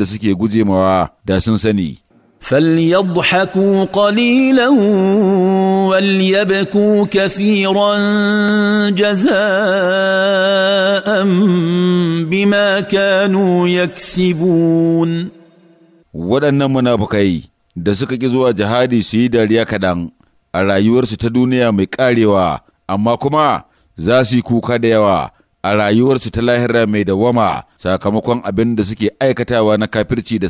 da suke guje mawa da sun sani. فليضحكوا قليلا وليبكوا كثيرا جزاء بما كانوا يكسبون waɗannan munafukai da suka ƙi zuwa jihadi su yi dariya kaɗan a rayuwarsu ta duniya mai ƙarewa amma kuma za su yi kuka da yawa a rayuwarsu ta lahira mai dawama sakamakon abin da suke aikatawa na kafirci da